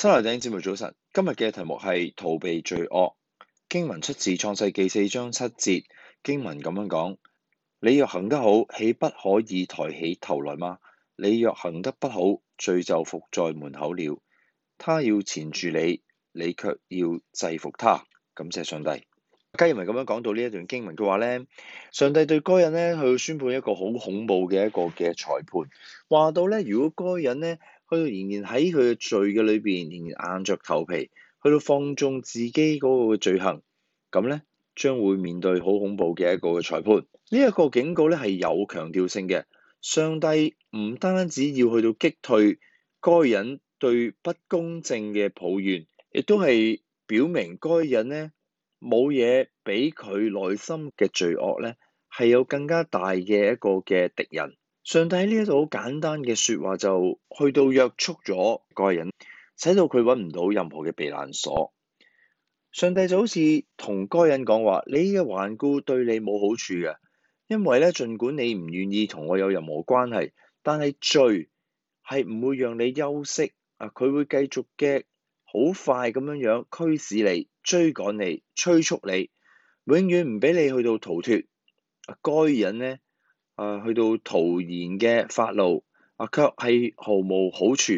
七台頂節目早晨，今日嘅題目係逃避罪惡。經文出自創世記四章七節，經文咁樣講：你若行得好，豈不可以抬起頭來嗎？你若行得不好，罪就伏在門口了。他要纏住你，你卻要制服他。感謝上帝。加人文咁樣講到呢一段經文嘅話咧，上帝對該人呢，去宣判一個好恐怖嘅一個嘅裁判，話到咧，如果該人呢……去到仍然喺佢嘅罪嘅裏邊，仍然硬着頭皮去到放縱自己嗰個罪行，咁咧將會面對好恐怖嘅一個嘅裁判。呢一個警告咧係有強調性嘅，上帝唔單止要去到擊退該人對不公正嘅抱怨，亦都係表明該人咧冇嘢俾佢內心嘅罪惡咧係有更加大嘅一個嘅敵人。上帝呢一度好簡單嘅説話就，就去到約束咗該人，使到佢揾唔到任何嘅避難所。上帝就好似同該人講話：你嘅頑固對你冇好處嘅，因為咧，儘管你唔願意同我有任何關係，但係罪係唔會讓你休息啊！佢會繼續嘅好快咁樣樣驅使你、追趕你、催促你，永遠唔俾你去到逃脫。啊，該人呢。啊，去到徒然嘅發怒，啊，卻係毫無好處。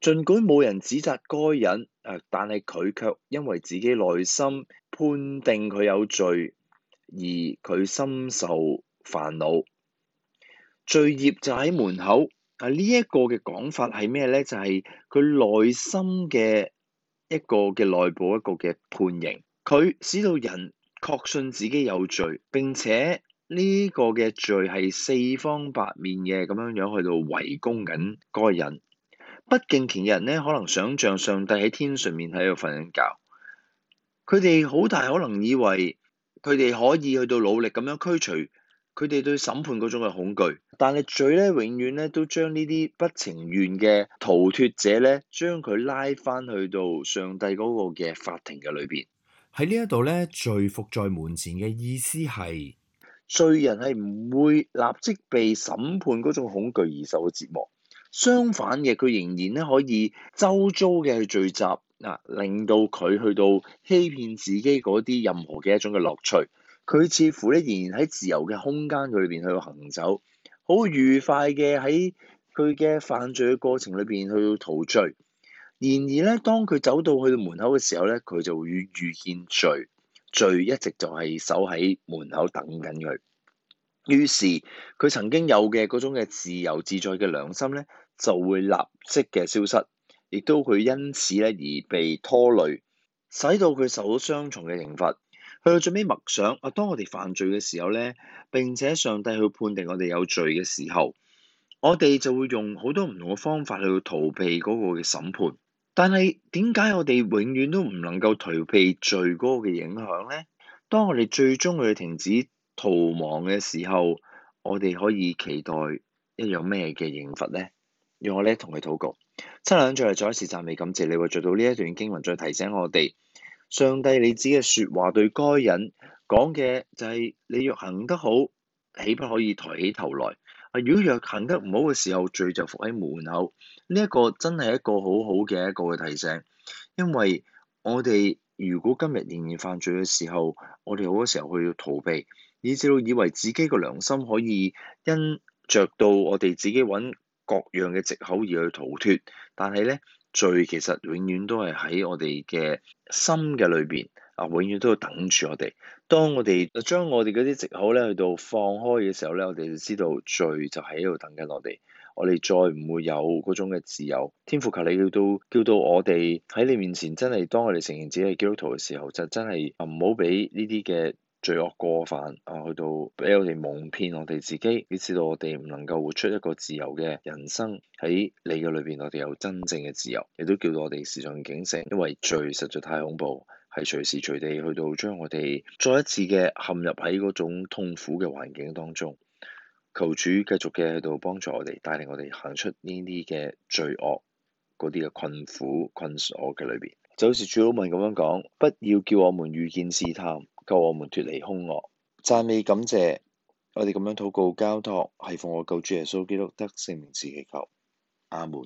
儘管冇人指責該人，但係佢卻因為自己內心判定佢有罪，而佢深受煩惱。罪業就喺門口。啊，呢一個嘅講法係咩呢？就係佢內心嘅一個嘅內部一個嘅判刑。佢使到人確信自己有罪，並且。呢個嘅罪係四方八面嘅咁樣樣去到圍攻緊該人，不敬虔嘅人咧，可能想象上帝喺天上面喺度瞓緊覺，佢哋好大可能以為佢哋可以去到努力咁樣驅除佢哋對審判嗰種嘅恐懼，但係罪呢，永遠呢都將呢啲不情願嘅逃脫者呢，將佢拉翻去到上帝嗰個嘅法庭嘅裏面。喺呢一度呢，罪伏在門前嘅意思係。罪人係唔會立即被審判嗰種恐懼而受到折磨，相反嘅，佢仍然咧可以周遭嘅聚集，嗱，令到佢去到欺騙自己嗰啲任何嘅一種嘅樂趣。佢似乎咧仍然喺自由嘅空間裏邊去行走，好愉快嘅喺佢嘅犯罪嘅過程裏邊去到陶醉。然而咧，當佢走到去到門口嘅時候咧，佢就會遇見罪。罪一直就係守喺門口等緊佢，於是佢曾經有嘅嗰種嘅自由自在嘅良心咧，就會立即嘅消失，亦都會因此咧而被拖累，使到佢受到雙重嘅刑罰。去到最尾默想啊，當我哋犯罪嘅時候咧，並且上帝去判定我哋有罪嘅時候，我哋就會用好多唔同嘅方法去逃避嗰個嘅審判。但係點解我哋永遠都唔能夠逃避罪嗰個嘅影響咧？當我哋最終要停止逃亡嘅時候，我哋可以期待一樣咩嘅刑罰咧？讓我咧同佢禱告。七兩在嚟再一次讚美感謝你，會做到呢一段經文，再提醒我哋，上帝你指嘅說話對該人講嘅就係你若行得好，豈不可以抬起頭來？啊！如果若行得唔好嘅時候，罪就伏喺門口。呢、這個、一個真係一個好好嘅一個嘅提醒，因為我哋如果今日仍然犯罪嘅時候，我哋好多時候去要逃避，以至到以為自己個良心可以因着到我哋自己揾各樣嘅藉口而去逃脱。但係咧，罪其實永遠都係喺我哋嘅心嘅裏邊，啊，永遠都要等住我哋。當我哋啊將我哋嗰啲藉口咧去到放開嘅時候咧，我哋就知道罪就喺度等緊我哋。我哋再唔會有嗰種嘅自由。天父求你叫到叫到我哋喺你面前，真係當我哋承認自己係基督徒嘅時候，就真係啊唔好俾呢啲嘅罪惡過犯啊去到俾我哋蒙騙我哋自己，以致到我哋唔能夠活出一個自由嘅人生喺你嘅裏邊，我哋有真正嘅自由。亦都叫到我哋時常警醒，因為罪實在太恐怖，係隨時隨地去到將我哋再一次嘅陷入喺嗰種痛苦嘅環境當中，求主繼續嘅喺度幫助我哋，帶領我哋行出呢啲嘅罪惡嗰啲嘅困苦困鎖嘅裏邊。就好似主禱文咁樣講：不要叫我們遇見試探，救我們脫離凶惡。讚美感謝，我哋咁樣禱告交託，係奉我救主耶穌基督得勝名字祈求。阿門。